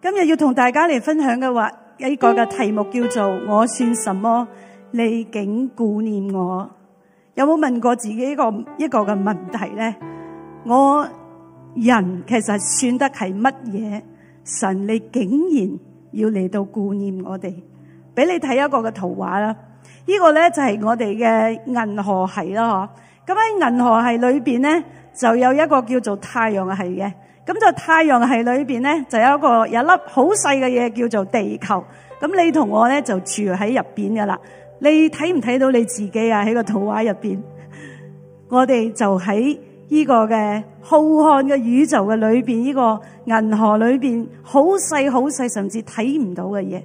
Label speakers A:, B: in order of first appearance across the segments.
A: 今日要同大家嚟分享嘅話，一個嘅題目叫做我算什麼，你竟顧念我。有冇問過自己一個一個嘅問題咧？我人其實算得係乜嘢？神你竟然要嚟到顧念我哋？俾你睇一個嘅圖畫啦，這個、呢個咧就係、是、我哋嘅銀河系啦，嗬。咁喺銀河系裏邊咧，就有一個叫做太陽系嘅。咁就太陽系裏邊咧，就有一個有一粒好細嘅嘢叫做地球。咁你同我咧就住喺入邊噶啦。你睇唔睇到你自己啊？喺個圖畫入邊，我哋就喺呢個嘅浩瀚嘅宇宙嘅裏邊，呢個銀河裏邊好細好細，甚至睇唔到嘅嘢。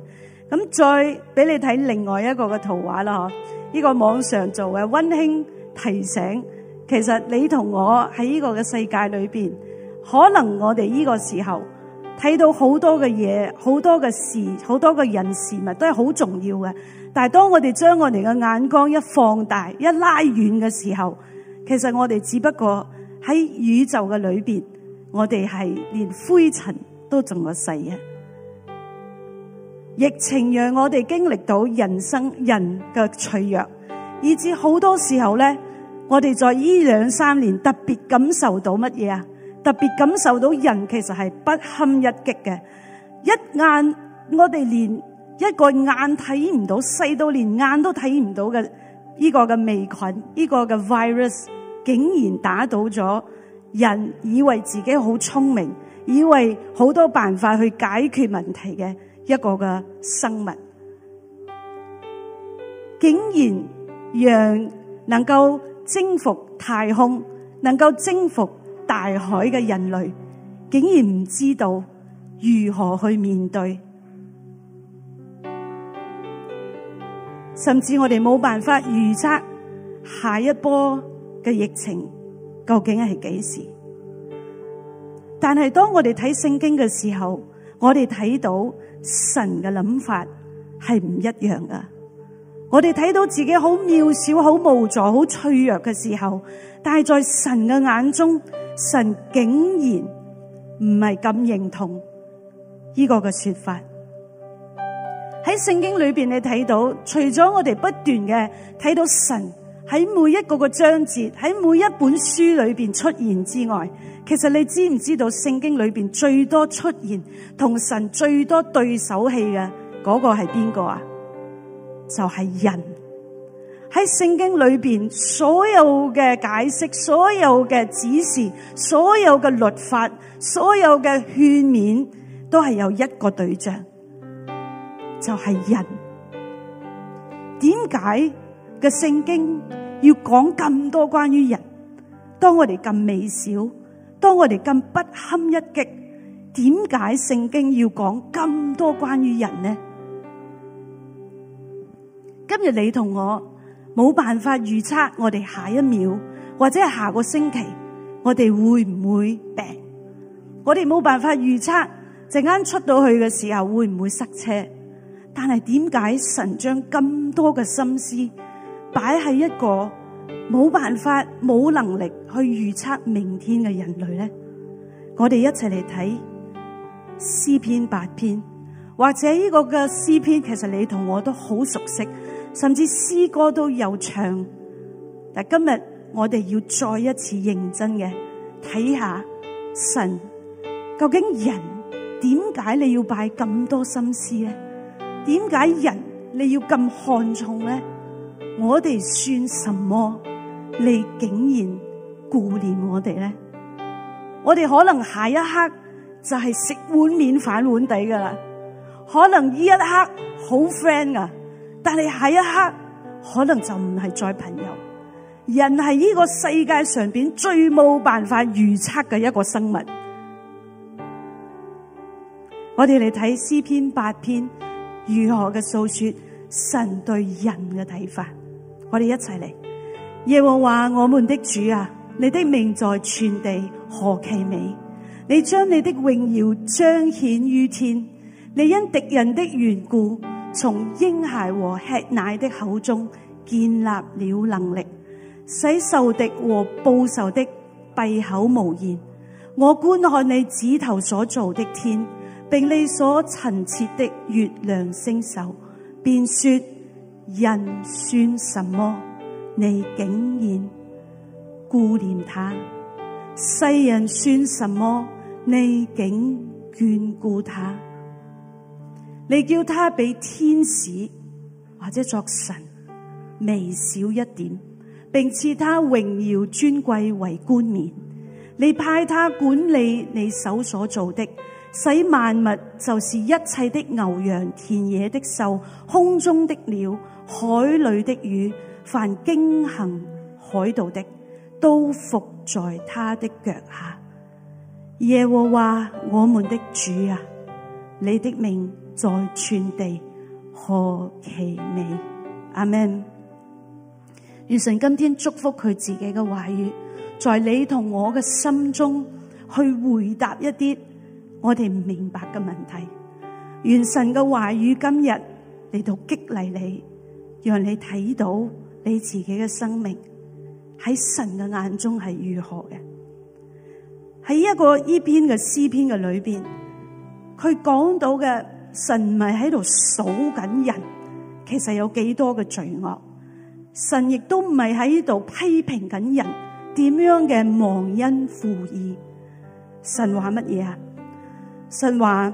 A: 咁再俾你睇另外一個嘅圖畫啦，嗬？呢個網上做嘅温馨提醒，其實你同我喺呢個嘅世界裏邊。可能我哋呢個時候睇到好多嘅嘢，好多嘅事，好多嘅人事物都係好重要嘅。但係當我哋將我哋嘅眼光一放大，一拉遠嘅時候，其實我哋只不過喺宇宙嘅裏邊，我哋係連灰塵都仲有細嘅。疫情讓我哋經歷到人生人嘅脆弱，以至好多時候咧，我哋在呢兩三年特別感受到乜嘢啊？特別感受到人其實係不堪一擊嘅，一眼我哋連一個眼睇唔到，細到連眼都睇唔到嘅呢個嘅微菌，呢個嘅 virus 竟然打倒咗人以為自己好聰明，以為好多辦法去解決問題嘅一個嘅生物，竟然讓能夠征服太空，能夠征服。大海嘅人類竟然唔知道如何去面對，甚至我哋冇辦法預測下一波嘅疫情究竟係幾時。但係當我哋睇聖經嘅時候，我哋睇到神嘅諗法係唔一樣㗎。我哋睇到自己好渺小、好無助、好脆弱嘅時候，但係在神嘅眼中。神竟然唔係咁認同呢個嘅說法，喺聖經裏邊你睇到，除咗我哋不斷嘅睇到神喺每一個嘅章節喺每一本書裏邊出現之外，其實你知唔知道聖經裏邊最多出現同神最多對手戲嘅嗰個係邊個啊？就係人。喺聖經裏邊，所有嘅解釋、所有嘅指示、所有嘅律法、所有嘅勸勉，都係有一個對象，就係人。點解個聖經要講咁多關於人？當我哋咁微小，當我哋咁不堪一擊，點解聖經要講咁多關於人呢？今日你同我。冇辦法預測我哋下一秒或者係下個星期我哋會唔會病？我哋冇辦法預測，陣間出到去嘅時候會唔會塞車？但係點解神將咁多嘅心思擺喺一個冇辦法、冇能力去預測明天嘅人類咧？我哋一齊嚟睇詩篇八篇，或者呢個嘅詩篇，其實你同我都好熟悉。甚至詩歌都有唱，但今日我哋要再一次認真嘅睇下神究竟，人點解你要擺咁多心思咧？點解人你要咁看重咧？我哋算什麼？你竟然顧念我哋咧？我哋可能下一刻就係食碗麵反碗底噶啦，可能呢一刻好 friend 㗎。但係下一刻，可能就唔係再朋友。人係呢個世界上邊最冇辦法預測嘅一個生物。我哋嚟睇詩篇八篇如何嘅訴說神對人嘅睇法。我哋一齊嚟。耶和華我們的主啊，你的名在全地何其美！你將你的榮耀彰顯於天。你因敵人的緣故。從嬰孩和吃奶的口中建立了能力，使仇敵和報仇的閉口無言。我觀看你指頭所造的天，並你所陳設的月亮星宿，便說：人算什麼？你竟然顧念他；世人算什麼？你竟眷顧他。你叫他比天使或者作神微小一點，並賜他榮耀尊貴為冠冕。你派他管理你手所造的，使萬物就是一切的牛羊、田野的獸、空中的鳥、海裏的魚，凡經行海道的，都服在他的腳下。耶和華我們的主啊，你的名。在全地何其美，阿門，願神今天祝福佢自己嘅話語，在你同我嘅心中去回答一啲我哋唔明白嘅問題。願神嘅話語今日嚟到激勵你，讓你睇到你自己嘅生命喺神嘅眼中係如何嘅。喺一個呢篇嘅詩篇嘅裏邊，佢講到嘅。神唔係喺度數緊人，其實有幾多嘅罪惡。神亦都唔係喺度批評緊人點樣嘅忘恩負義。神話乜嘢啊？神話：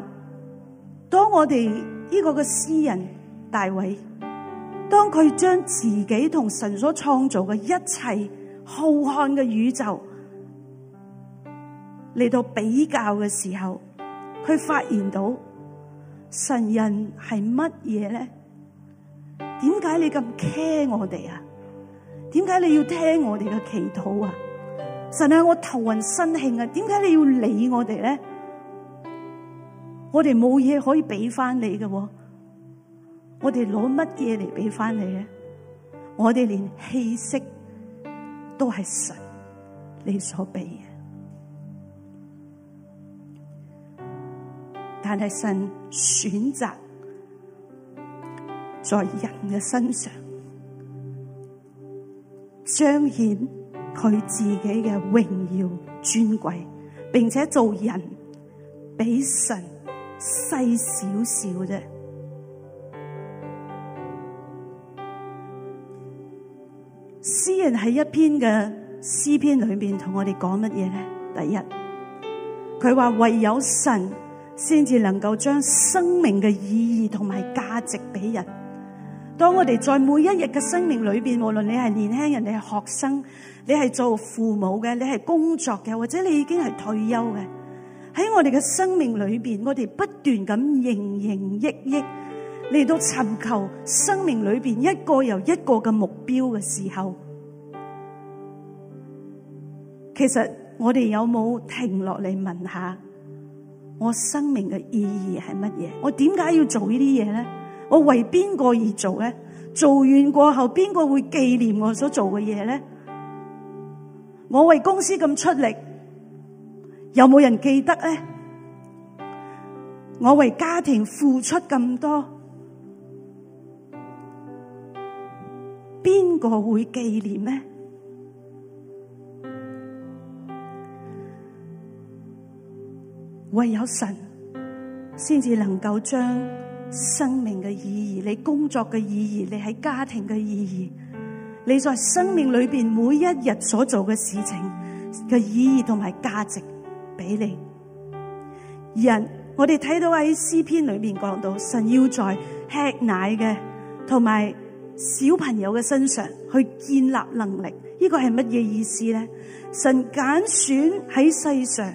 A: 當我哋呢個嘅詩人大衛，當佢將自己同神所創造嘅一切浩瀚嘅宇宙嚟到比較嘅時候，佢發現到。神人係乜嘢咧？點解你咁 care 我哋啊？點解你要聽我哋嘅祈禱啊？神啊，我頭暈身興啊！點解你要理我哋咧？我哋冇嘢可以俾翻你嘅，我哋攞乜嘢嚟俾翻你咧？我哋連氣息都係神你所俾嘅。但係神選擇在人嘅身上彰顯佢自己嘅榮耀尊貴，並且做人比神細少少啫。詩人喺一篇嘅詩篇裏面同我哋講乜嘢咧？第一，佢話唯有神。先至能夠將生命嘅意義同埋價值俾人。當我哋在每一日嘅生命裏邊，無論你係年輕人、你係學生、你係做父母嘅、你係工作嘅，或者你已經係退休嘅，喺我哋嘅生命裏邊，我哋不斷咁營營役役嚟到尋求生命裏邊一個又一個嘅目標嘅時候，其實我哋有冇停落嚟問下？我生命嘅意義係乜嘢？我點解要做呢啲嘢咧？我為邊個而做咧？做完過後，邊個會紀念我所做嘅嘢咧？我為公司咁出力，有冇人記得咧？我為家庭付出咁多，邊個會紀念咧？唯有神先至能夠將生命嘅意義，你工作嘅意義，你喺家庭嘅意義，你在生命裏邊每一日所做嘅事情嘅意義同埋價值俾你。人，我哋睇到喺詩篇裏面講到，神要在吃奶嘅同埋小朋友嘅身上去建立能力，呢個係乜嘢意思咧？神揀選喺世上。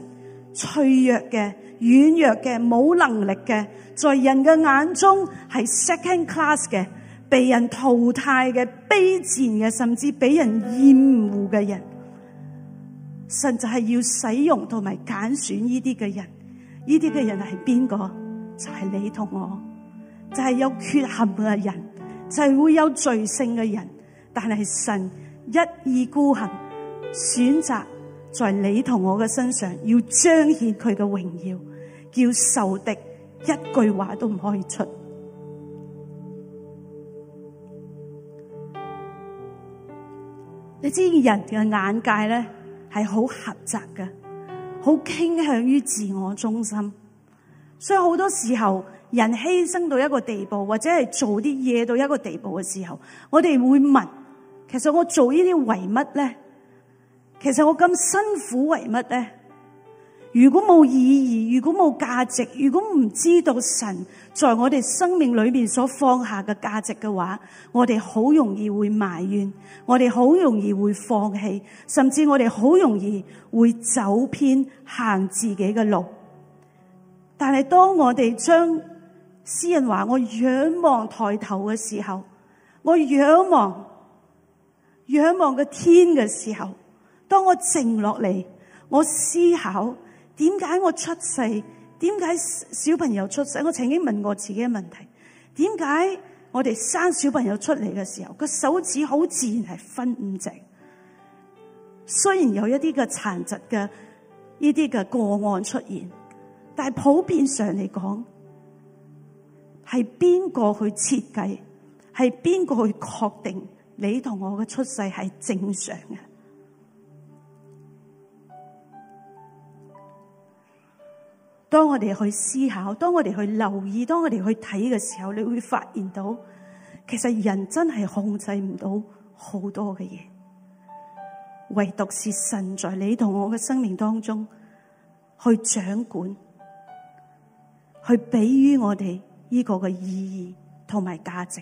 A: 脆弱嘅、軟弱嘅、冇能力嘅，在人嘅眼中係 second class 嘅，被人淘汰嘅、卑賤嘅，甚至俾人厭惡嘅人，神就係要使用同埋揀選呢啲嘅人，呢啲嘅人係邊個？就係你同我，就係有缺陷嘅人，就係會有罪性嘅人，但係神一意孤行，選擇。在你同我嘅身上，要彰顯佢嘅榮耀，叫仇敵一句話都唔可以出。你知人嘅眼界咧，係好狹窄嘅，好傾向於自我中心。所以好多時候，人犧牲到一個地步，或者係做啲嘢到一個地步嘅時候，我哋會問，其實我做呢啲為乜咧？其實我咁辛苦為乜呢？如果冇意義，如果冇價值，如果唔知道神在我哋生命裏面所放下嘅價值嘅話，我哋好容易會埋怨，我哋好容易會放棄，甚至我哋好容易會走偏，行自己嘅路。但係當我哋將詩人話我仰望抬頭嘅時候，我仰望仰望個天嘅時候。當我靜落嚟，我思考點解我出世，點解小朋友出世？我曾經問過自己嘅個問題：點解我哋生小朋友出嚟嘅時候，個手指好自然係分五隻？雖然有一啲嘅殘疾嘅呢啲嘅個案出現，但係普遍上嚟講，係邊個去設計，係邊個去確定你同我嘅出世係正常嘅？當我哋去思考，當我哋去留意，當我哋去睇嘅時候，你會發現到，其實人真係控制唔到好多嘅嘢，唯獨是神在你同我嘅生命當中去掌管，去俾于我哋呢個嘅意義同埋價值。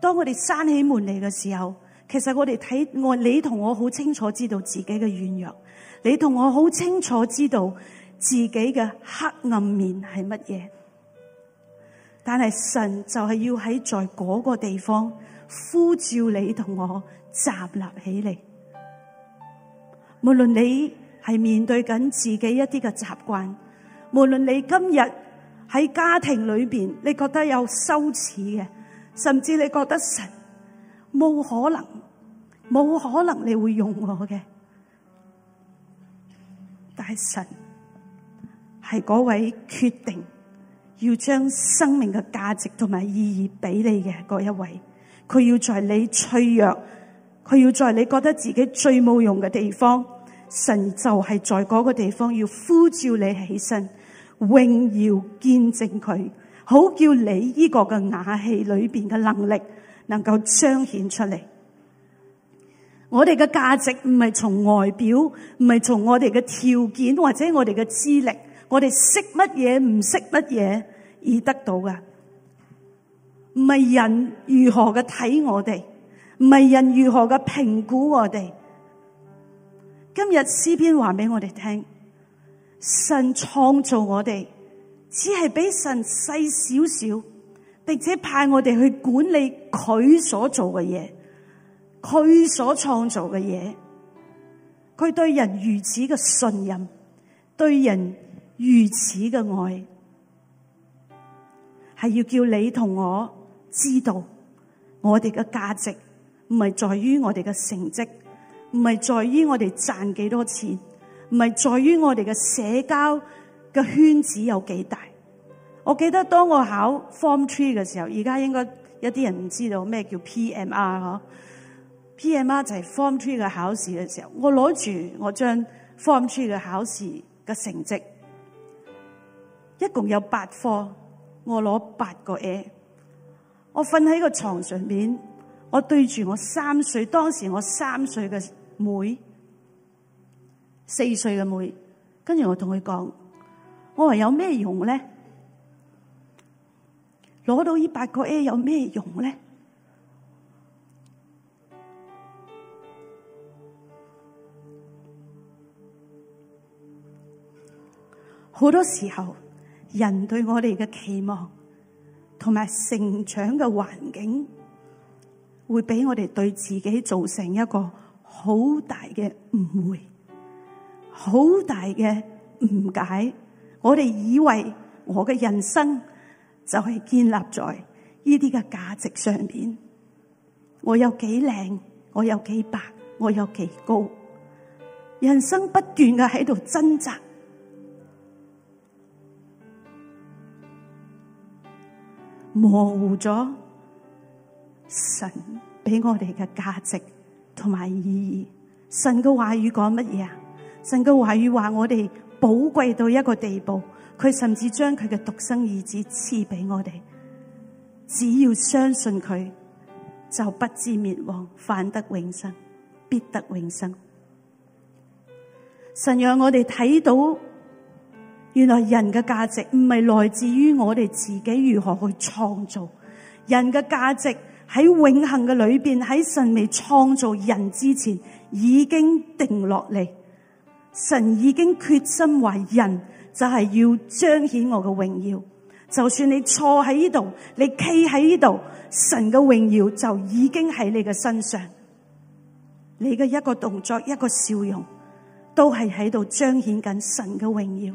A: 當我哋閂起門嚟嘅時候，其實我哋睇我你同我好清楚知道自己嘅軟弱，你同我好清楚知道。自己嘅黑暗面係乜嘢？但係神就係要喺在嗰個地方呼召你同我站立起嚟。無論你係面對緊自己一啲嘅習慣，無論你今日喺家庭裏面你覺得有羞恥嘅，甚至你覺得神冇可能，冇可能你會用我嘅，但係神。係嗰位決定要將生命嘅價值同埋意義俾你嘅嗰一位，佢要在你脆弱，佢要在你覺得自己最冇用嘅地方，神就係在嗰個地方要呼召你起身，榮耀見證佢，好叫你呢個嘅瓦器裏邊嘅能力能夠彰顯出嚟。我哋嘅價值唔係從外表，唔係從我哋嘅條件或者我哋嘅資歷。我哋識乜嘢，唔識乜嘢而得到㗎？唔係人如何嘅睇我哋，唔係人如何嘅評估我哋。今日詩篇話俾我哋聽，神創造我哋，只係比神細少少，並且派我哋去管理佢所做嘅嘢，佢所創造嘅嘢。佢對人如此嘅信任，對人。如此嘅愛，係要叫你同我知道，我哋嘅價值唔係在於我哋嘅成績，唔係在於我哋賺幾多錢，唔係在於我哋嘅社交嘅圈子有幾大。我記得當我考 Form Three 嘅時候，而家應該有啲人唔知道咩叫 PMR 嗬，PMR 就係 Form Three 嘅考試嘅時候，我攞住我將 Form Three 嘅考試嘅成績。一共有八科，我攞八個 A，我瞓喺個床上面，我對住我三歲當時我三歲嘅妹，四歲嘅妹，跟住我同佢講，我話有咩用咧？攞到呢八個 A 有咩用咧？好多時候。人對我哋嘅期望，同埋成長嘅環境，會俾我哋對自己造成一個好大嘅誤會，好大嘅誤解。我哋以為我嘅人生就係建立在呢啲嘅價值上面。我有幾靚，我有幾白，我有幾高，人生不斷嘅喺度掙扎。模糊咗神俾我哋嘅價值同埋意義。神嘅話語講乜嘢啊？神嘅話語話我哋寶貴到一個地步，佢甚至將佢嘅獨生兒子賜俾我哋。只要相信佢，就不知滅亡，反得永生，必得永生。神讓我哋睇到。原來人嘅價值唔係來自於我哋自己如何去創造，人嘅價值喺永恒嘅裏邊，喺神未創造人之前已經定落嚟。神已經決心為人，就係要彰顯我嘅榮耀。就算你坐喺呢度，你企喺呢度，神嘅榮耀就已經喺你嘅身上。你嘅一個動作，一個笑容，都係喺度彰顯緊神嘅榮耀。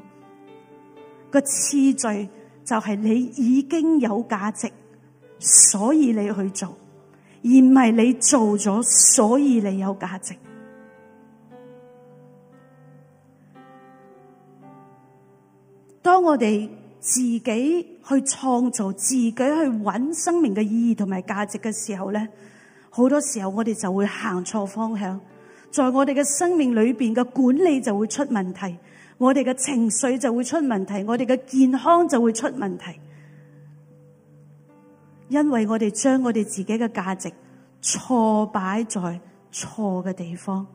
A: 個次序就係你已經有價值，所以你去做，而唔係你做咗，所以你有價值。當我哋自己去創造、自己去揾生命嘅意義同埋價值嘅時候咧，好多時候我哋就會行錯方向，在我哋嘅生命裏邊嘅管理就會出問題。我哋嘅情緒就會出問題，我哋嘅健康就會出問題，因為我哋將我哋自己嘅價值錯擺在錯嘅地方。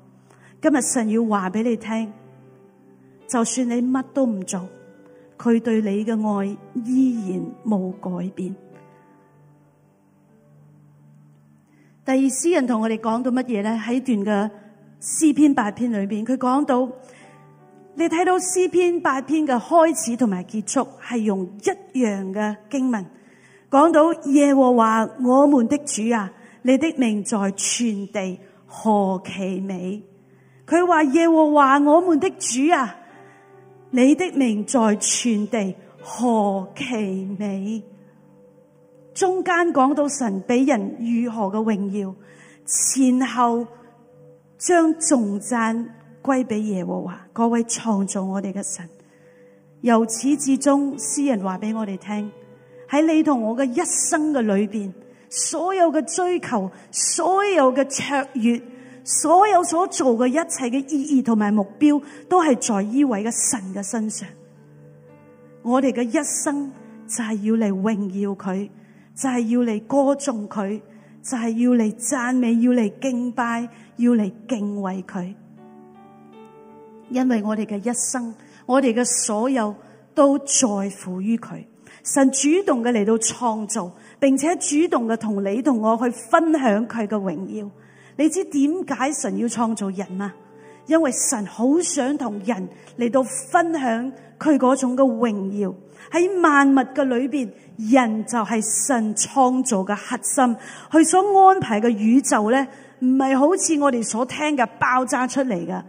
A: 今日神要話俾你聽，就算你乜都唔做，佢對你嘅愛依然冇改變。第二詩人同我哋講到乜嘢咧？喺段嘅詩篇八篇裏邊，佢講到。你睇到詩篇八篇嘅開始同埋結束係用一樣嘅經文講到，耶和華我們的主啊，你的名在全地何其美！佢話耶和華我們的主啊，你的名在全地何其美！中間講到神俾人如何嘅榮耀，前後將頌讚歸俾耶和華，各位創造我哋嘅神。由始至終，詩人話俾我哋聽：喺你同我嘅一生嘅裏邊，所有嘅追求，所有嘅卓越，所有所做嘅一切嘅意義同埋目標，都係在呢位嘅神嘅身上。我哋嘅一生就係要嚟榮耀佢，就係、是、要嚟歌頌佢，就係、是、要嚟讚美，要嚟敬拜，要嚟敬畏佢。因為我哋嘅一生，我哋嘅所有都在乎於佢。神主動嘅嚟到創造，並且主動嘅同你同我去分享佢嘅榮耀。你知點解神要創造人咩？因為神好想同人嚟到分享佢嗰種嘅榮耀。喺萬物嘅裏邊，人就係神創造嘅核心。佢所安排嘅宇宙呢，唔係好似我哋所聽嘅爆炸出嚟嘅。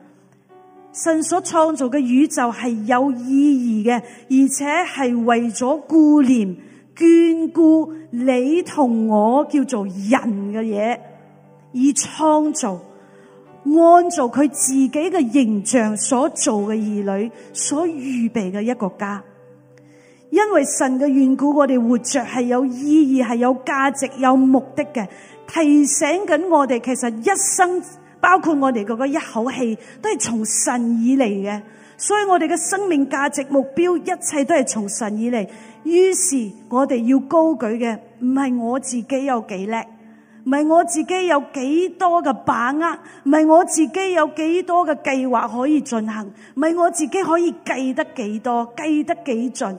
A: 神所創造嘅宇宙係有意義嘅，而且係為咗顧念眷顧你同我叫做人嘅嘢，而創造，按照佢自己嘅形象所做嘅兒女所預備嘅一個家。因為神嘅緣故，我哋活着係有意義、係有價值、有目的嘅，提醒緊我哋其實一生包括我哋嗰個一口氣，都係從神以嚟嘅，所以我哋嘅生命價值目標，一切都係從神以嚟。於是，我哋要高舉嘅，唔係我自己有幾叻，唔係我自己有幾多嘅把握，唔係我自己有幾多嘅計劃可以進行，唔係我自己可以計得幾多，計得幾盡，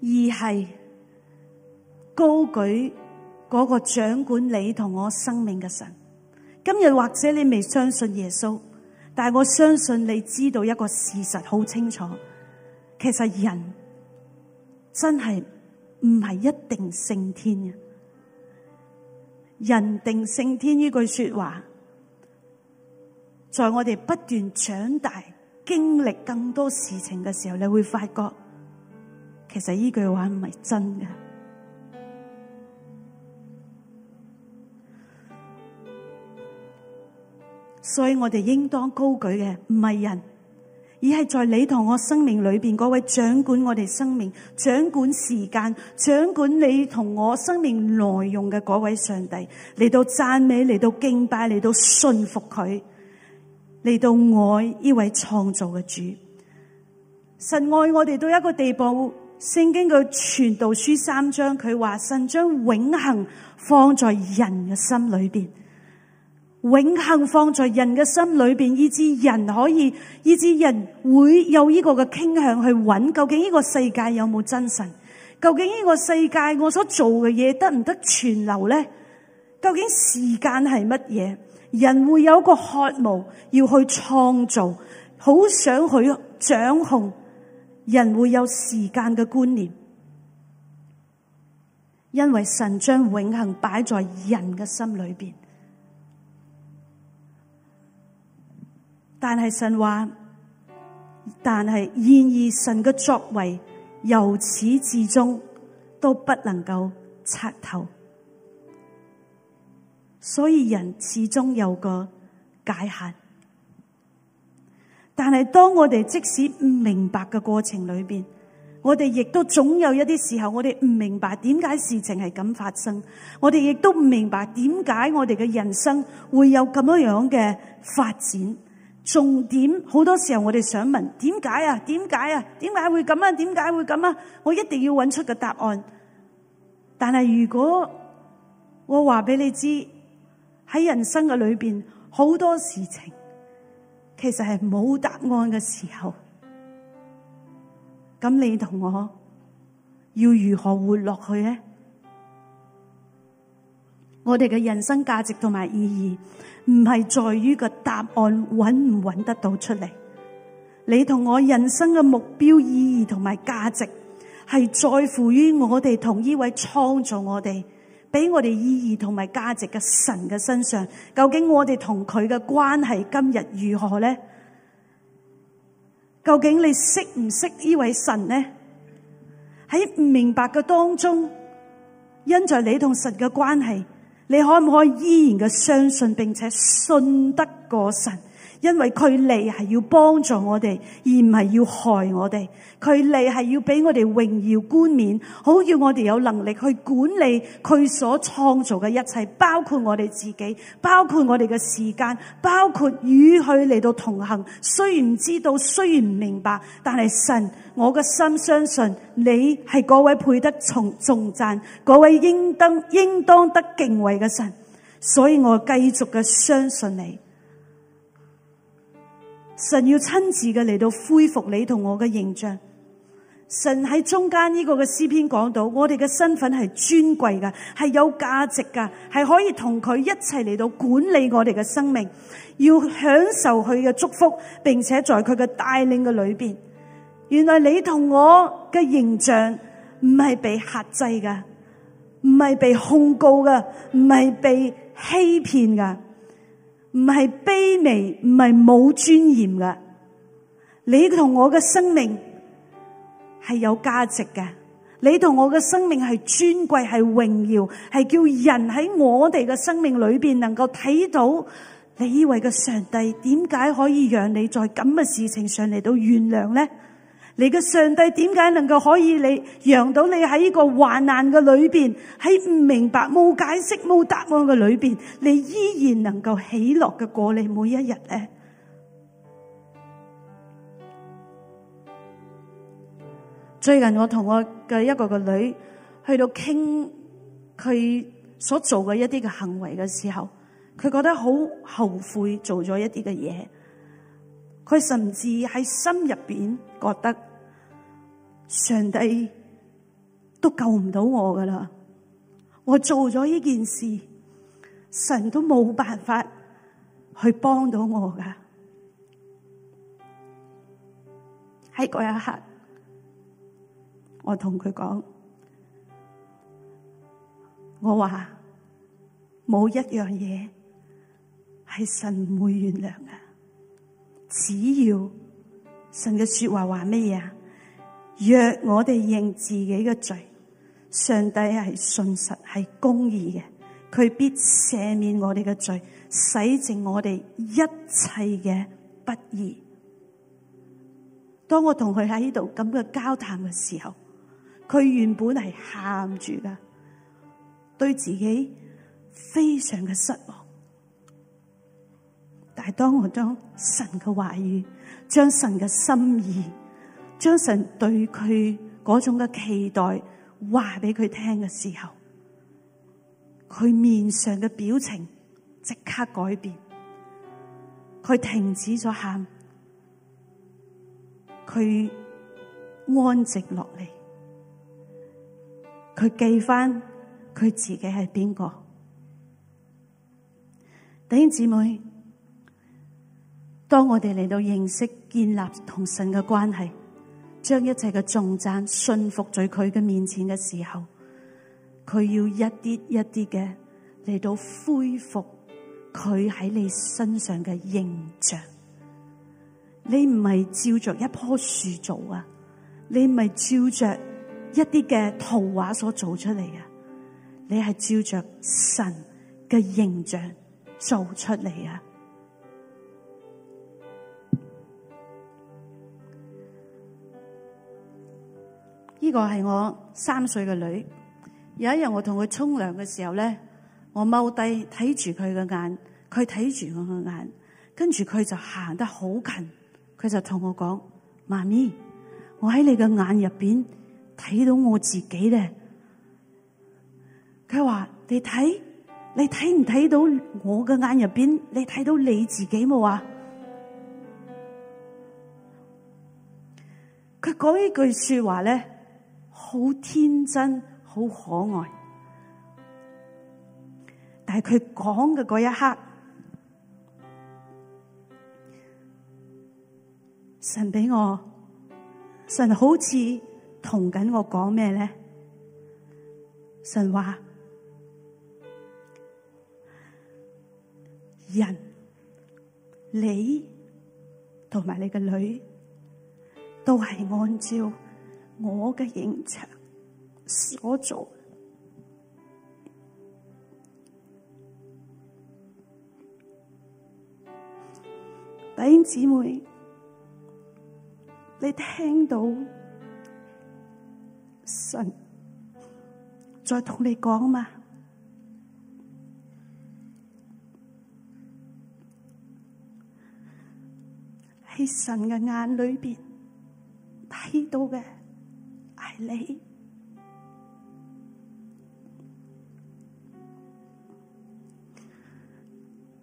A: 而係。高舉嗰個掌管你同我生命嘅神。今日或者你未相信耶穌，但係我相信你知道一個事實好清楚，其實人真係唔係一定勝天嘅。人定勝天呢句說話，在我哋不斷長大、經歷更多事情嘅時候，你會發覺其實呢句話唔係真嘅。所以我哋應當高舉嘅唔係人，而係在你同我生命裏邊嗰位掌管我哋生命、掌管時間、掌管你同我生命內容嘅嗰位上帝，嚟到讚美、嚟到敬拜、嚟到信服佢，嚟到愛呢位創造嘅主。神愛我哋到一個地步，聖經嘅傳道書三章佢話神將永恆放在人嘅心裏邊。永恆放在人嘅心裏邊，以致人可以，以致人會有呢個嘅傾向去揾究竟呢個世界有冇真神？究竟呢個世界我所做嘅嘢得唔得存留咧？究竟時間係乜嘢？人會有一個渴慕要去創造，好想去掌控。人會有時間嘅觀念，因為神將永恆擺在人嘅心裏邊。但係神話，但係然而神嘅作為，由始至終都不能夠察透，所以人始終有個界限。但係當我哋即使唔明白嘅過程裏邊，我哋亦都總有一啲時候，我哋唔明白點解事情係咁發生，我哋亦都唔明白點解我哋嘅人生會有咁樣樣嘅發展。重點好多時候，我哋想問：點解啊？點解啊？點解會咁啊？點解會咁啊？我一定要揾出個答案。但係如果我話俾你知，喺人生嘅裏邊，好多事情其實係冇答案嘅時候，咁你同我要如何活落去咧？我哋嘅人生價值同埋意義。唔係在於個答案搵唔搵得到出嚟，你同我人生嘅目標、意義同埋價值，係在乎於我哋同呢位創造我哋、俾我哋意義同埋價值嘅神嘅身上。究竟我哋同佢嘅關係今日如何呢？究竟你識唔識呢位神呢？喺唔明白嘅當中，因在你同神嘅關係。你可唔可以依然嘅相信並且信得過神？因為佢嚟係要幫助我哋，而唔係要害我哋。佢嚟係要俾我哋榮耀冠冕，好要我哋有能力去管理佢所創造嘅一切，包括我哋自己，包括我哋嘅時間，包括與佢嚟到同行。雖然唔知道，雖然唔明白，但係神，我嘅心相信你係嗰位配得從重，重讚、嗰位應當應當得敬畏嘅神，所以我繼續嘅相信你。神要親自嘅嚟到恢復你同我嘅形象。神喺中間呢個嘅詩篇講到，我哋嘅身份係尊貴㗎，係有價值噶，係可以同佢一齊嚟到管理我哋嘅生命，要享受佢嘅祝福，並且在佢嘅帶領嘅裏邊。原來你同我嘅形象唔係被限制㗎，唔係被控告嘅，唔係被欺騙㗎。」唔係卑微，唔係冇尊嚴噶。你同我嘅生命係有價值嘅，你同我嘅生命係尊貴，係榮耀，係叫人喺我哋嘅生命裏邊能夠睇到，你以為嘅上帝點解可以讓你在咁嘅事情上嚟到原諒咧？你嘅上帝點解能夠可以讓你讓到你喺呢個患難嘅裏邊，喺唔明白、冇解釋、冇答案嘅裏邊，你依然能夠喜樂嘅過你每一日咧？最近我同我嘅一個個女去到傾佢所做嘅一啲嘅行為嘅時候，佢覺得好後悔做咗一啲嘅嘢，佢甚至喺心入邊覺得。上帝都救唔到我噶啦！我做咗呢件事，神都冇辦法去幫到我噶。喺嗰一刻，我同佢講：我話冇一樣嘢係神唔會原諒噶。只要神嘅說話話咩嘢啊？若我哋認自己嘅罪，上帝係信實係公義嘅，佢必赦免我哋嘅罪，洗淨我哋一切嘅不義。當我同佢喺呢度咁嘅交談嘅時候，佢原本係喊住㗎，對自己非常嘅失望。但係當我將神嘅話語，將神嘅心意。將神對佢嗰種嘅期待話俾佢聽嘅時候，佢面上嘅表情即刻改變，佢停止咗喊，佢安靜落嚟，佢記翻佢自己係邊個。弟兄姊妹，當我哋嚟到認識、建立同神嘅關係。將一切嘅重擔信服在佢嘅面前嘅時候，佢要一啲一啲嘅嚟到恢復佢喺你身上嘅形象。你唔係照着一棵樹做啊，你唔係照着一啲嘅圖畫所做出嚟啊，你係照着神嘅形象做出嚟啊。呢個係我三歲嘅女，有一日我同佢沖涼嘅時候咧，我踎低睇住佢嘅眼，佢睇住我嘅眼，跟住，佢就行得好近，佢就同我講：媽咪，我喺你嘅眼入邊睇到我自己咧。佢話：你睇，你睇唔睇到我嘅眼入邊？你睇到你自己冇啊？佢講呢句說話咧。好天真，好可愛，但係佢講嘅嗰一刻，神俾我，神好似同緊我講咩咧？神話人你同埋你個女都係按照。我嘅影像所做，弟兄姊妹，你聽到神在同你講嗎？喺神嘅眼裏邊睇到嘅。你，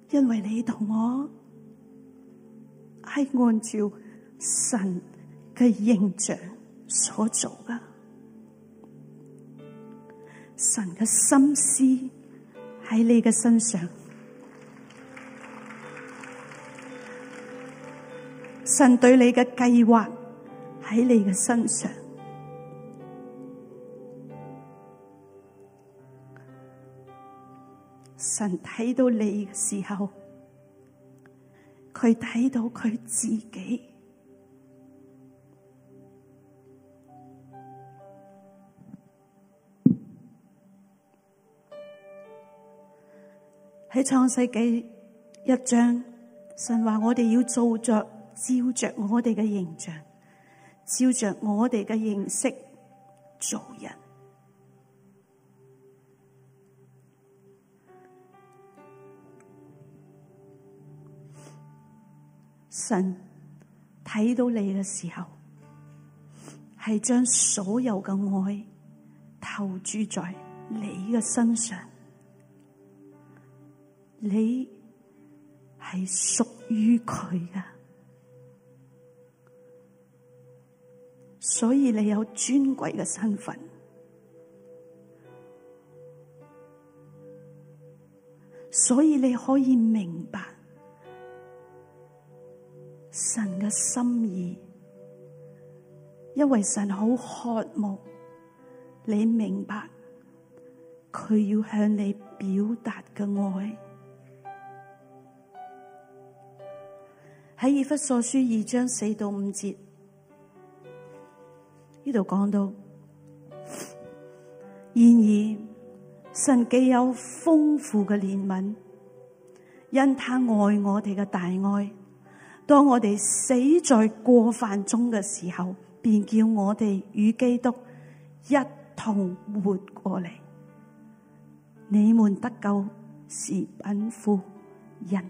A: 因為你同我係按照神嘅形象所做㗎，神嘅心思喺你嘅身上，神對你嘅計劃喺你嘅身上。神睇到你嘅時候，佢睇到佢自己。喺創世記一章，神話我哋要做着照着我哋嘅形象，照着我哋嘅形式做人。神睇到你嘅時候，係將所有嘅愛投注在你嘅身上，你係屬於佢嘅，所以你有尊貴嘅身份，所以你可以明白。神嘅心意，因為神好渴慕你明白佢要向你表達嘅愛。喺以弗所書二章四到五節呢度講到，然而神既有豐富嘅憐憫，因他愛我哋嘅大愛。當我哋死在過犯中嘅時候，便叫我哋與基督一同活過嚟。你們得救是本乎恩。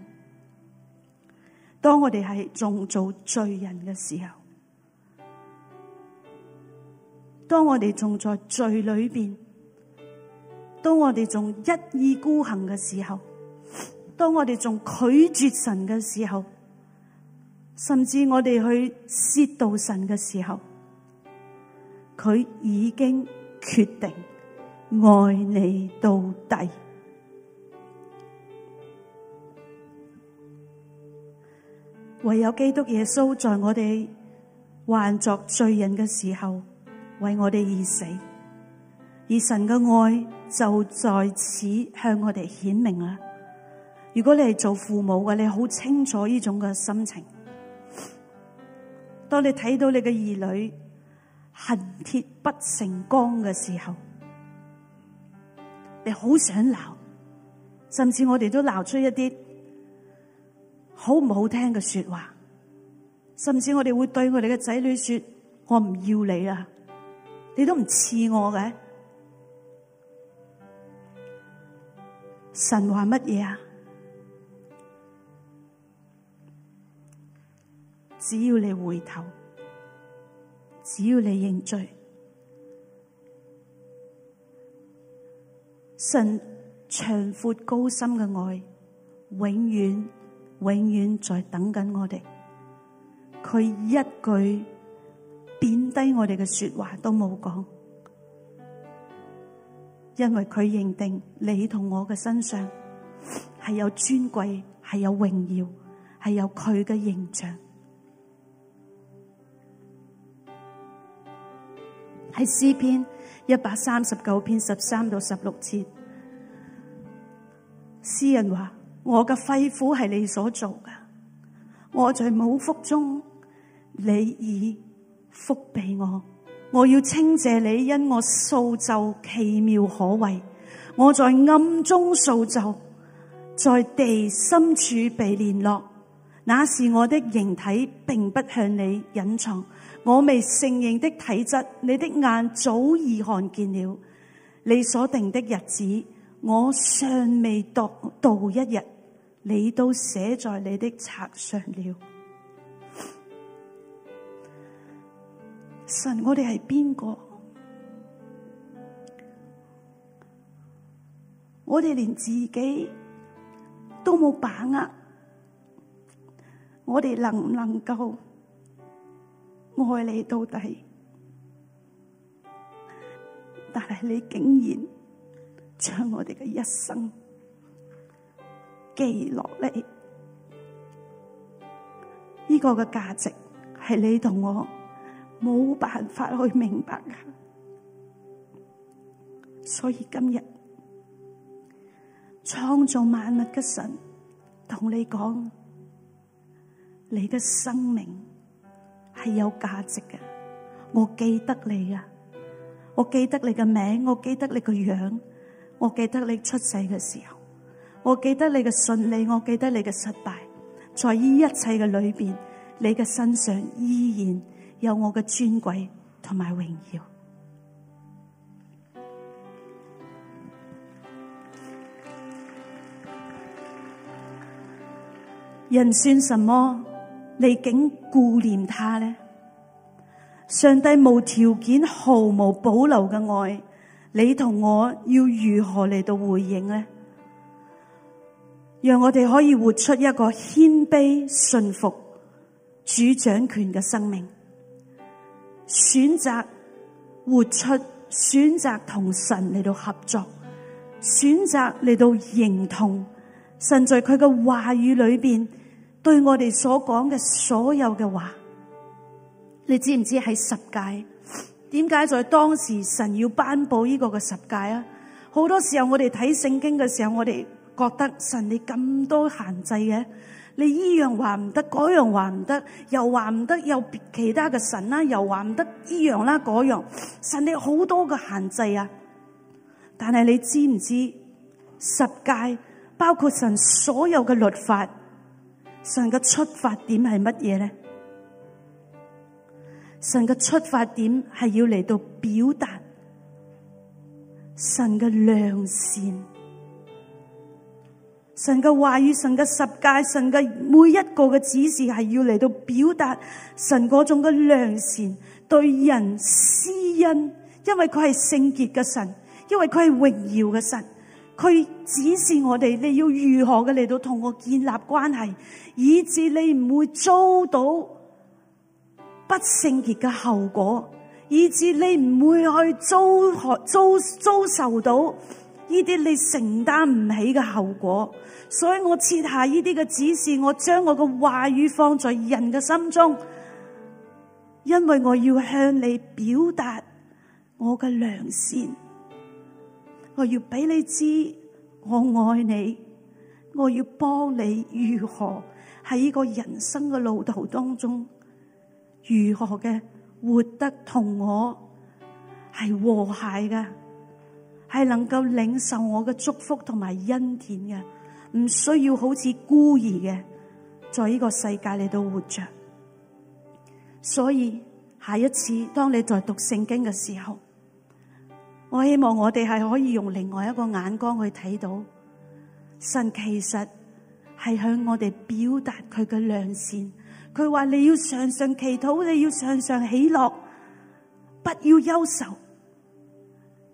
A: 當我哋係仲做罪人嘅時候，當我哋仲在罪裏面，當我哋仲一意孤行嘅時候，當我哋仲拒絕神嘅時候，甚至我哋去褻瀆神嘅時候，佢已經決定愛你到底。唯有基督耶穌在我哋還作罪人嘅時候，為我哋而死，而神嘅愛就在此向我哋顯明啦。如果你係做父母嘅，你好清楚呢種嘅心情。當你睇到你嘅兒女恨鐵不成鋼嘅時候，你好想鬧，甚至我哋都鬧出一啲好唔好聽嘅說話，甚至我哋會對我哋嘅仔女說：我唔要你啊，你都唔似我嘅。神話乜嘢啊？只要你回頭，只要你認罪，神長闊高深嘅愛，永遠永遠在等緊我哋。佢一句貶低我哋嘅說話都冇講，因為佢認定你同我嘅身上係有尊貴，係有榮耀，係有佢嘅形象。係詩篇一百三十九篇十三到十六節，詩人話：我嘅肺腑係你所做嘅，我在母腹中，你已覆庇我。我要稱謝你，因我受造奇妙可畏。我在暗中受造，在地深處被聯絡，那是我的形體，並不向你隱藏。我未成形的體質，你的眼早已看見了。你所定的日子，我尚未度度一日，你都寫在你的冊上了。神，我哋係邊個？我哋連自己都冇把握，我哋能唔能夠？愛你到底，但係你竟然將我哋嘅一生記落嚟，呢個嘅價值係你同我冇辦法去明白噶。所以今日創造萬物嘅神同你講，你嘅生命。係有價值嘅，我記得你㗎，我記得你嘅名，我記得你個樣，我記得你出世嘅時候，我記得你嘅順利，我記得你嘅失敗，在呢一切嘅裏邊，你嘅身上依然有我嘅尊貴同埋榮耀。人算什麼？你竟顧念他呢？上帝無條件、毫無保留嘅愛，你同我要如何嚟到回應呢？讓我哋可以活出一個謙卑、信服、主掌權嘅生命，選擇活出，選擇同神嚟到合作，選擇嚟到認同神在佢嘅話語裏邊。對我哋所講嘅所有嘅話，你知唔知係十誡？點解在當時神要頒布呢個嘅十誡啊？好多時候我哋睇聖經嘅時候，我哋覺得神你咁多限制嘅，你依樣話唔得，嗰樣話唔得，又話唔得，又有其他嘅神啦，又話唔得依樣啦，嗰樣神你好多嘅限制啊！但係你知唔知十誡包括神所有嘅律法？神嘅出發點係乜嘢咧？神嘅出發點係要嚟到表達神嘅良善，神嘅話語，神嘅十誡，神嘅每一個嘅指示係要嚟到表達神嗰種嘅良善對人施恩，因為佢係聖潔嘅神，因為佢係榮耀嘅神。佢指示我哋，你要如何嘅嚟到同我建立關係，以至你唔會遭到不聖潔嘅後果，以至你唔會去遭害遭遭受到呢啲你承擔唔起嘅後果。所以我設下呢啲嘅指示，我將我嘅話語放在人嘅心中，因為我要向你表達我嘅良善。我要俾你知我愛你，我要幫你如何喺呢個人生嘅路途當中，如何嘅活得同我係和諧嘅，係能夠領受我嘅祝福同埋恩典嘅，唔需要好似孤兒嘅，在呢個世界裏度活着。所以下一次當你在讀聖經嘅時候。我希望我哋係可以用另外一個眼光去睇到神其實係向我哋表達佢嘅良善。佢話你要常常祈禱，你要常常喜樂，不要憂愁。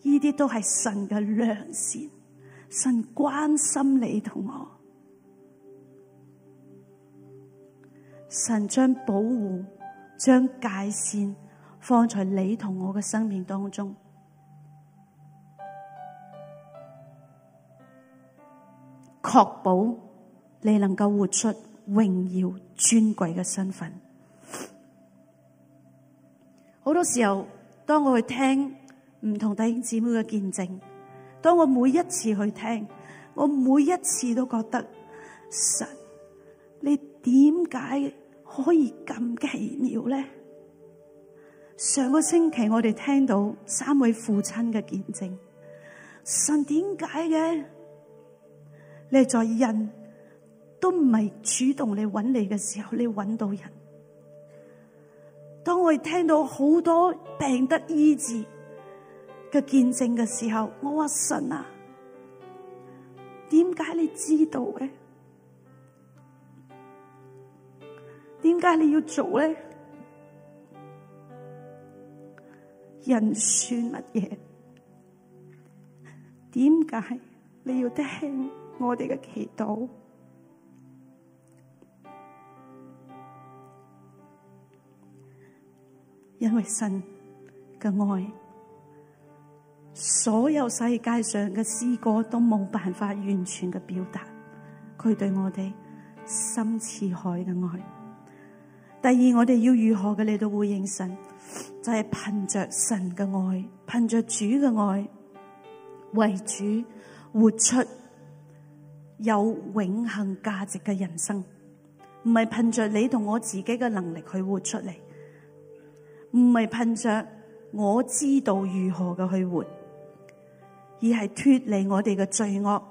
A: 呢啲都係神嘅良善。神關心你同我，神將保護、將界線放在你同我嘅生命當中。確保你能夠活出榮耀尊貴嘅身份。好多時候，當我去聽唔同弟兄姊妹嘅見證，當我每一次去聽，我每一次都覺得神，你點解可以咁奇妙呢？上個星期我哋聽到三位父親嘅見證，神點解嘅？你在人，都唔係主動你揾你嘅時候，你揾到人。當我哋聽到好多病得醫治嘅見證嘅時候，我話神啊，點解你知道嘅？點解你要做咧？人算乜嘢？點解你要聽我哋嘅祈禱，因為神嘅愛，所有世界上嘅詩歌都冇辦法完全嘅表達佢對我哋深似海嘅愛。第二，我哋要如何嘅嚟到回應神？就係、是、憑着神嘅愛，憑着主嘅愛為主活出。有永恒價值嘅人生，唔係憑着你同我自己嘅能力去活出嚟，唔係憑着我知道如何嘅去活，而係脫離我哋嘅罪惡，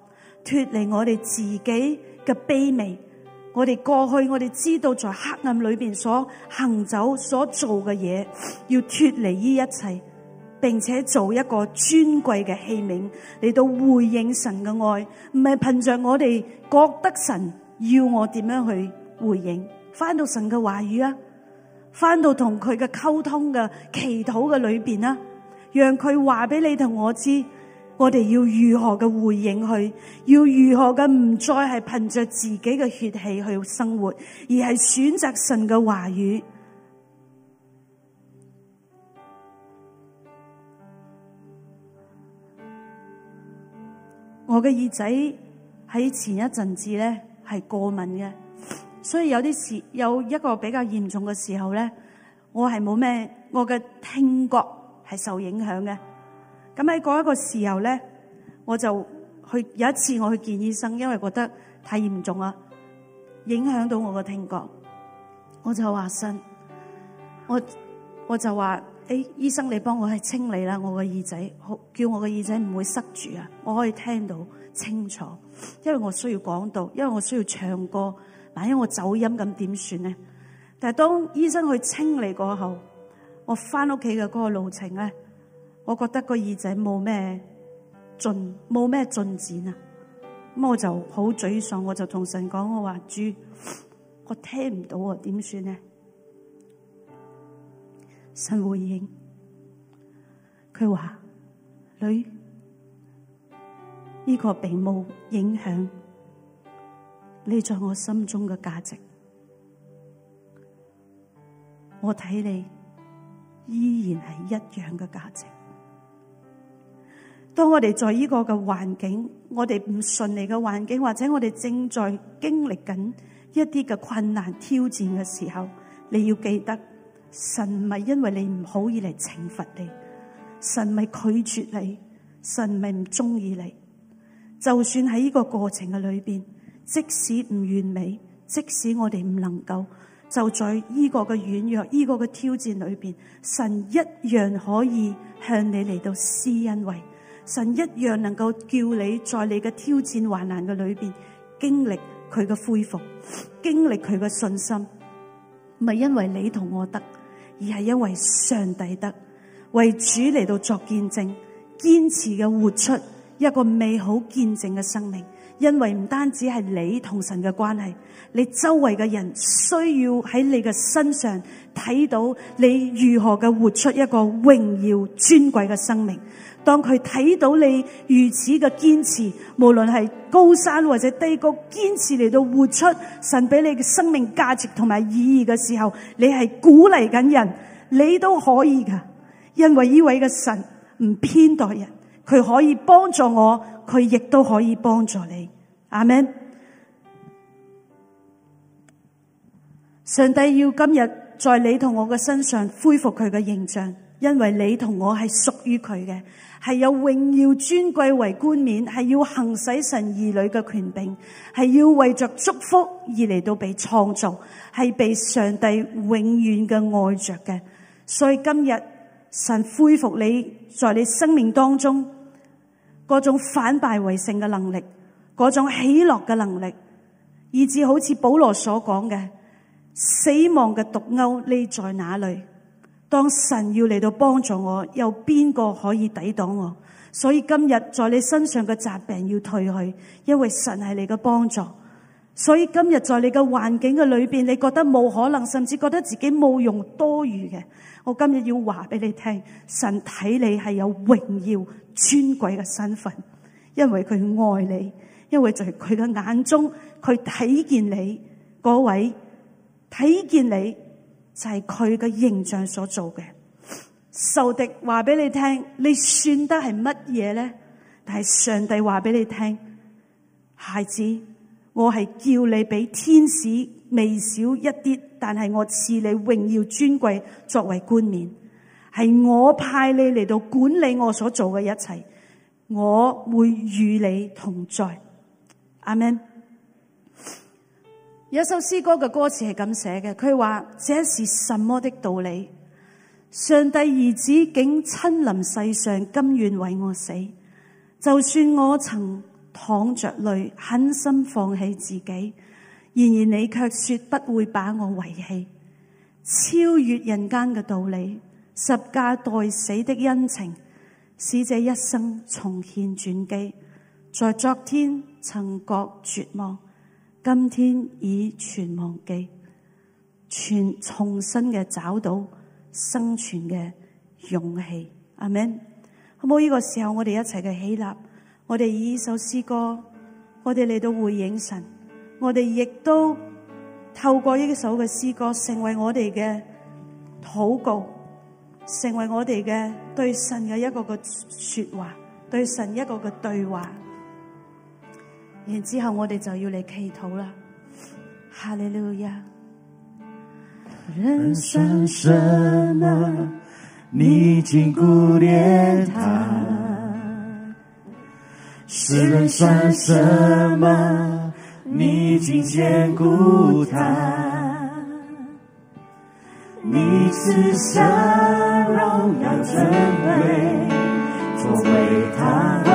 A: 脫離我哋自己嘅卑微，我哋過去我哋知道在黑暗裏面所行走所做嘅嘢，要脫離呢一切。並且做一個尊貴嘅器皿嚟到回應神嘅愛，唔係憑着我哋覺得神要我點樣去回應，翻到神嘅話語啊，翻到同佢嘅溝通嘅祈禱嘅裏邊啦，讓佢話俾你同我知，我哋要如何嘅回應去，要如何嘅唔再係憑着自己嘅血氣去生活，而係選擇神嘅話語。我嘅耳仔，喺前一陣子咧，係過敏嘅，所以有啲時，有一個比較嚴重嘅時候咧，我係冇咩，我嘅聽覺係受影響嘅。咁喺嗰一個時候咧，我就去有一次我去見醫生，因為覺得太嚴重啦，影響到我嘅聽覺，我就話信，我我就話。誒、哎，醫生，你幫我係清理啦，我個耳仔，叫我個耳仔唔會塞住啊，我可以聽到清楚，因為我需要講道，因為我需要唱歌，嗱，因為我走音咁點算呢？但係當醫生去清理過後，我翻屋企嘅嗰個路程咧，我覺得個耳仔冇咩進冇咩進展啊，咁我就好沮喪，我就同神講，我話主，我，我聽唔到啊，點算呢？」神回應，佢話：女，呢、這個並冇影響你在我心中嘅價值。我睇你依然係一樣嘅價值。當我哋在呢個嘅環境，我哋唔順利嘅環境，或者我哋正在經歷緊一啲嘅困難挑戰嘅時候，你要記得。神唔係因為你唔好而嚟懲罰你，神唔係拒絕你，神唔係唔中意你。就算喺呢個過程嘅裏邊，即使唔完美，即使我哋唔能夠，就在呢個嘅軟弱、呢個嘅挑戰裏邊，神一樣可以向你嚟到施恩惠，神一樣能夠叫你在你嘅挑戰、患難嘅裏邊經歷佢嘅恢復，經歷佢嘅信心。唔係因為你同我得。而係因為上帝德為主嚟到作見證，堅持嘅活出一個美好見證嘅生命。因為唔單止係你同神嘅關係，你周圍嘅人需要喺你嘅身上睇到你如何嘅活出一個榮耀尊貴嘅生命。當佢睇到你如此嘅堅持，無論係高山或者低谷，堅持嚟到活出神俾你嘅生命價值同埋意義嘅時候，你係鼓勵緊人，你都可以噶。因為呢位嘅神唔偏待人，佢可以幫助我，佢亦都可以幫助你。阿門。上帝要今日在你同我嘅身上恢復佢嘅形象。因為你同我係屬於佢嘅，係有榮耀尊貴為冠冕，係要行使神兒女嘅權柄，係要為着祝福而嚟到被創造，係被上帝永遠嘅愛着嘅。所以今日神恢復你，在你生命當中嗰種反敗為勝嘅能力，嗰種喜樂嘅能力，以致好似保羅所講嘅，死亡嘅毒鈎，你在哪裏？當神要嚟到幫助我，有邊個可以抵擋我？所以今日在你身上嘅疾病要退去，因為神係你嘅幫助。所以今日在你嘅環境嘅裏邊，你覺得冇可能，甚至覺得自己冇用多餘嘅。我今日要話俾你聽，神睇你係有榮耀尊貴嘅身份，因為佢愛你，因為就係佢嘅眼中佢睇見你，嗰位睇見你。就係佢嘅形象所做嘅。仇敵話俾你聽，你算得係乜嘢咧？但係上帝話俾你聽，孩子，我係叫你比天使微小一啲，但係我賜你榮耀尊貴作為冠冕，係我派你嚟到管理我所做嘅一切，我會與你同在，阿們。有一首詩歌嘅歌詞係咁寫嘅，佢話，這是什麼的道理？上帝兒子竟親臨世上，甘願為我死。就算我曾淌着淚狠心放棄自己，然而你卻說不會把我遺棄。超越人間嘅道理，十架代死的恩情，使這一生重現轉機。在昨天曾覺絕望。今天已全忘記，全重新嘅找到生存嘅勇氣，Amen？好唔好？呢個時候，我哋一齊嘅起立，我哋以呢首詩歌，我哋嚟到回應神，我哋亦都透過呢首嘅詩歌，成為我哋嘅禱告，成為我哋嘅對神嘅一個嘅說話，對神一個嘅對話。然之後我了，我哋就要嚟祈禱啦！哈利路亞！
B: 人生什麼，你已顧念他；世人生什麼，你已堅固他。你是生榮耀尊貴，作為他。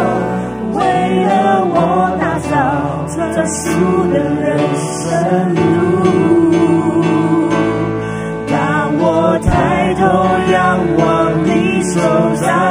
B: 輸的人生路，當我抬頭仰望你手掌。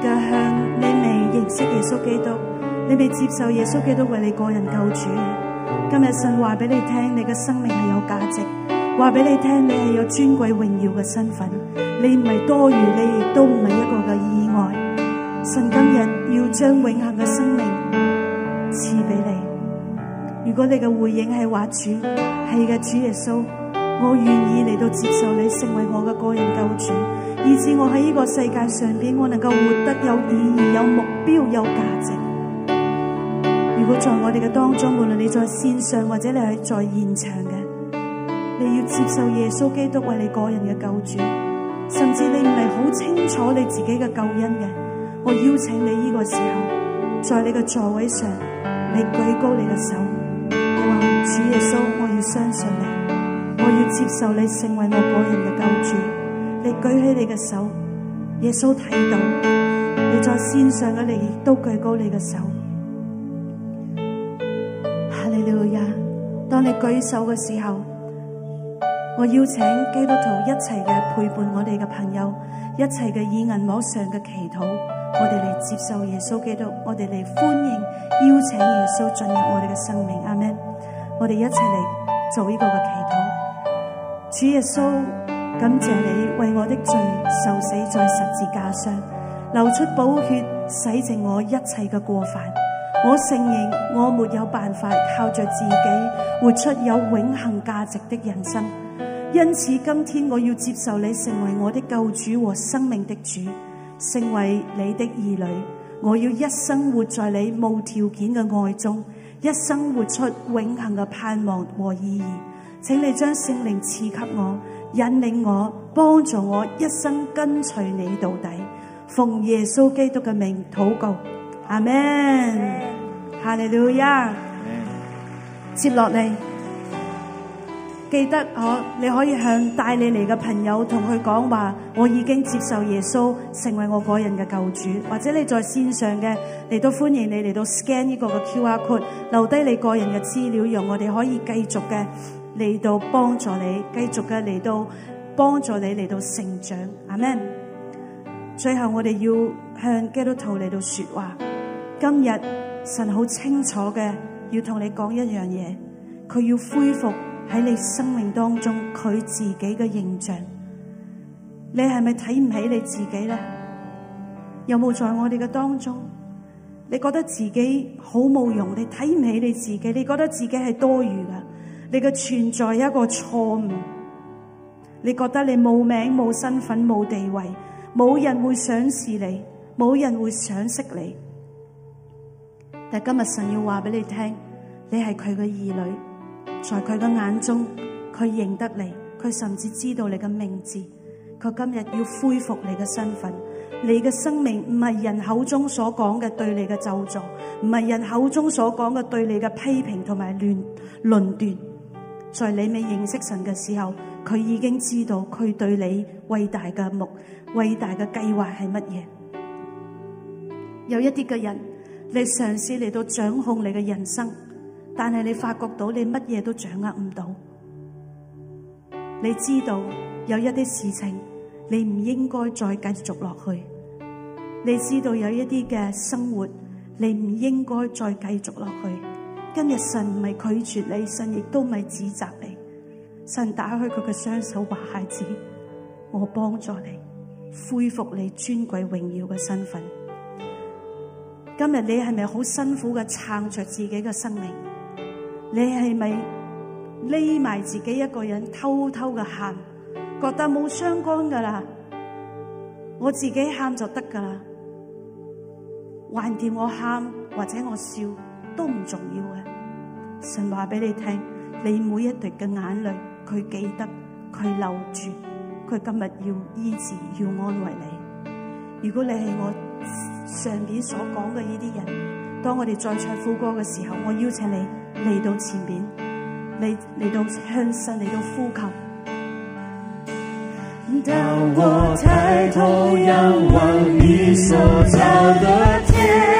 A: 嘅向你未認識耶穌基督，你未接受耶穌基督為你個人救主。今日神話俾你聽，你嘅生命係有價值，話俾你聽，你係有尊貴榮耀嘅身份，你唔係多餘，你亦都唔係一個嘅意外。神今日要將永恆嘅生命賜俾你。如果你嘅回應係話主係嘅，主耶穌。我願意嚟到接受你成為我嘅個人救主，以至我喺呢個世界上邊，我能夠活得有意義、有目標、有價值。如果在我哋嘅當中，無論你在線上或者你係在現場嘅，你要接受耶穌基督為你個人嘅救主，甚至你唔係好清楚你自己嘅救恩嘅，我邀請你呢個時候，在你嘅座位上，你舉高你嘅手，你話主耶穌，我要相信你。我要接受你成為我個人嘅救主，你舉起你嘅手，耶穌睇到，你在線上嘅你亦都舉高你嘅手，哈利路亞！當你舉手嘅時候，我邀請基督徒一齊嘅陪伴我哋嘅朋友，一齊嘅以銀幕上嘅祈禱，我哋嚟接受耶穌基督，我哋嚟歡迎邀請耶穌進入我哋嘅生命，阿門！我哋一齊嚟做呢個嘅祈禱。主耶穌，Jesus，感謝你為我的罪受死在十字架上，流出寶血洗淨我一切嘅過犯。我承認我沒有辦法靠着自己活出有永恒價值的人生，因此今天我要接受你成為我的救主和生命的主，成為你的兒女。我要一生活在你無條件嘅愛中，一生活出永恒嘅盼望和意義。請你將聖靈賜給我，引領我，幫助我一生跟隨你到底。奉耶穌基督嘅名禱告，阿門。下嚟了呀，接落嚟。記得你可以向帶你嚟嘅朋友同佢講話，我已經接受耶穌成為我個人嘅救主。或者你在線上嘅，你都歡迎你嚟到 scan 呢個嘅 QR code，留低你個人嘅資料，讓我哋可以繼續嘅。嚟到幫助你，繼續嘅嚟到幫助你，嚟到成長，阿 man，最後我哋要向基督徒嚟到說話。今日神好清楚嘅，要同你講一樣嘢，佢要恢復喺你生命當中佢自己嘅形象。你係咪睇唔起你自己咧？有冇在我哋嘅當中，你覺得自己好冇用？你睇唔起你自己，你覺得自己係多餘噶？你嘅存在一個錯誤，你覺得你冇名冇身份冇地位，冇人會賞識你，冇人會賞識你。但今日神要話俾你聽，你係佢嘅兒女，在佢嘅眼中，佢認得你，佢甚至知道你嘅名字。佢今日要恢復你嘅身份，你嘅生命唔係人口中所講嘅對你嘅咒詛，唔係人口中所講嘅對你嘅批評同埋論論斷。在你未認識神嘅時候，佢已經知道佢對你偉大嘅目、偉大嘅計劃係乜嘢。有一啲嘅人，你嘗試嚟到掌控你嘅人生，但係你發覺到你乜嘢都掌握唔到。你知道有一啲事情，你唔應該再繼續落去。你知道有一啲嘅生活，你唔應該再繼續落去。今日神唔係拒絕你，神亦都唔係指責你。神打開佢嘅雙手話：孩子，我幫助你，恢復你尊貴榮耀嘅身份。今日你係咪好辛苦嘅撐着自己嘅生命？你係咪匿埋自己一個人偷偷嘅喊？覺得冇相干噶啦，我自己喊就得噶啦，橫掂我喊或者我笑都唔重要嘅。神話俾你聽，你每一滴嘅眼淚，佢記得，佢留住，佢今日要醫治，要安慰你。如果你係我上面所講嘅呢啲人，當我哋再唱副歌嘅時候，我邀請你嚟到前面，你嚟到向神嚟到呼求。
B: 當我抬頭仰望你所造的天。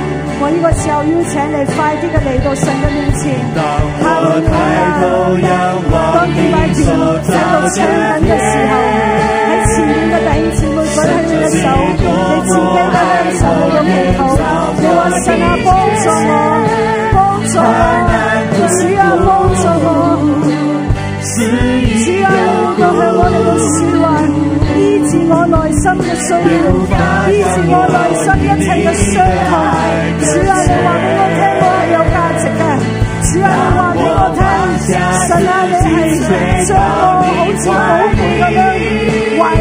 A: 我呢個時候邀請你，快啲嘅嚟到神嘅面前。
B: 阿門啊！當幾位住喺度唱嘅時候，喺前面嘅弟兄姊妹舉起你嘅手。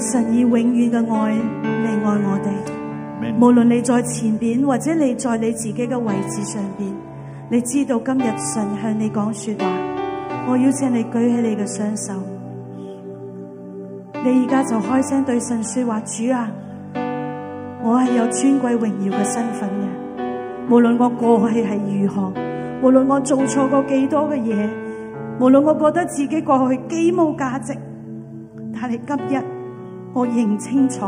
A: 神以永遠嘅愛你愛我哋，Amen 無論你在前邊或者你在你自己嘅位置上邊，你知道今日神向你講說話，我邀請你舉起你嘅雙手，你而家就開聲對神說話：主啊，我係有尊貴榮耀嘅身份嘅，無論我過去係如何，無論我做錯過幾多嘅嘢，無論我覺得自己過去幾冇價值，但係今日。我認清楚，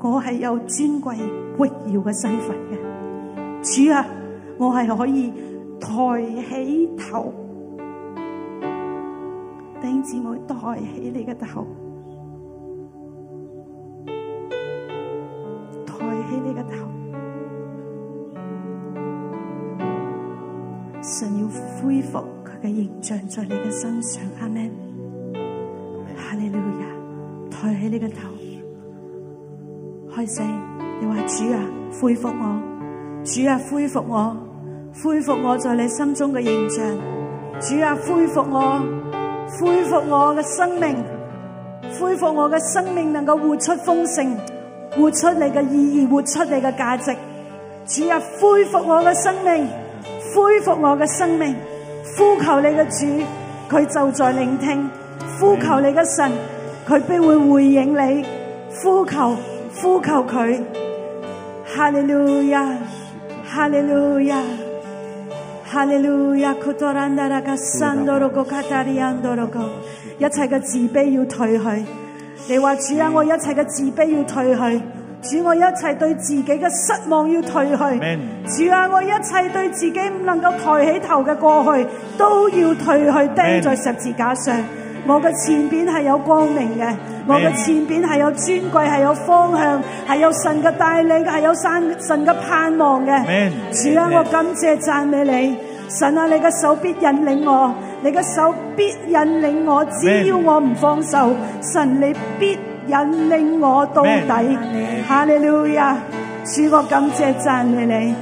A: 我係有尊貴榮耀嘅身份嘅，主啊，我係可以抬起頭，弟兄姊妹，抬起你嘅頭，抬起你嘅頭，想要恢復佢嘅形象在你嘅身上，阿 man。抬起你嘅頭，開聲，你話主啊，恢復我，主啊，恢復我，恢復我在你心中嘅形象，主啊，恢復我，恢復我嘅生命，恢復我嘅生命能夠活出豐盛，活出你嘅意義，活出你嘅價值，主啊，恢復我嘅生命，恢復我嘅生命，呼求你嘅主，佢就在聆聽，呼求你嘅神。佢必會回應你，呼求、呼求佢，哈利路亞，哈利路亞，哈利路亞。一切嘅自卑要退去，你話主啊，我一切嘅自卑要退去，主我一切對自己嘅失望要退去，主啊，我一切對自己唔能夠抬起頭嘅過去都要退去，釘在十字架上。我嘅前邊係有光明嘅。Amen 我嘅前邊係有尊貴，係有方向，係有神嘅帶領，係有神神嘅盼望嘅。Amen 主啊，我感謝讚美你，神啊，你嘅手必引領我，你嘅手必引領我，只要我唔放手，神你必引領我到底。哈利路亞，主啊，我感謝讚美你。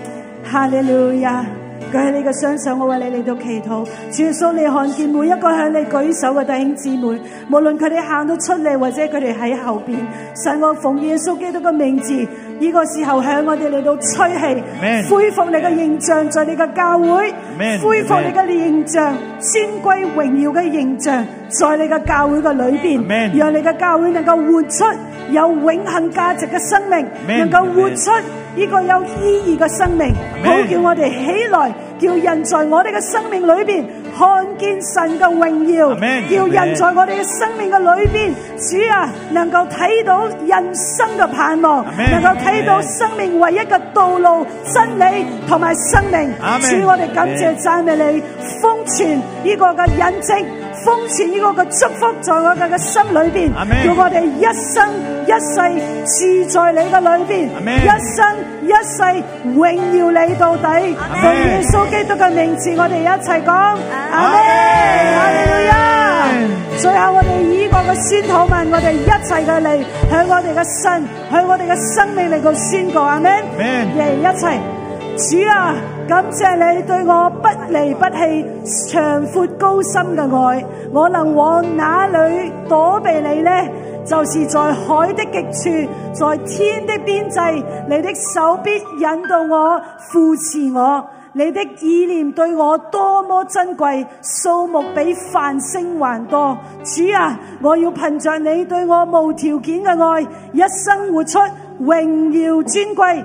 A: 哈利路亞。舉起你嘅雙手，我為你嚟到祈禱。主耶穌，你看見每一個向你舉手嘅弟兄姊妹，無論佢哋行到出嚟，或者佢哋喺後邊，神，我奉耶穌基督嘅名字。呢個時候向我哋嚟到吹氣，Amen, 恢復你嘅形象在你嘅教會，Amen, 恢復你嘅形象，尊貴 Amen, 榮耀嘅形象，在你嘅教會嘅裏邊，Amen, 讓你嘅教會能夠活出有永恒價值嘅生命，Amen, 能夠活出呢個有意義嘅生命，Amen, 好叫我哋起來，叫人在我哋嘅生命裏邊。看見神嘅榮耀，叫 Amen, 人在我哋嘅生命嘅裏邊，Amen. 主啊，能夠睇到人生嘅盼望，Amen. 能夠睇到生命唯一嘅道路、Amen. 真理同埋生命。Amen. 主，我哋感謝讚美你，封存呢個嘅恩跡。封盛呢我嘅祝福，在我哋嘅心裏邊，叫們我
B: 哋一生一世住在你嘅裏邊，們一生一世榮耀你到底。榮耀耶穌基督嘅名字我，我哋一齊講。阿門們。阿門們啊！們最後我哋以個嘅宣討問我哋一齊嘅你，向我哋嘅神，向我哋嘅生命嚟度宣告，阿門。阿們耶！
A: 一齊。主啊，感謝你對我不離不棄、長闊高深嘅愛。我能往哪裏躲避你呢？就是在海的極處，在天的邊際，你的手必引導我、扶持我。你的意念對我多麼珍貴，數目比繁星還多。主啊，我要憑着你對我無條件嘅愛，一生活出榮耀尊貴。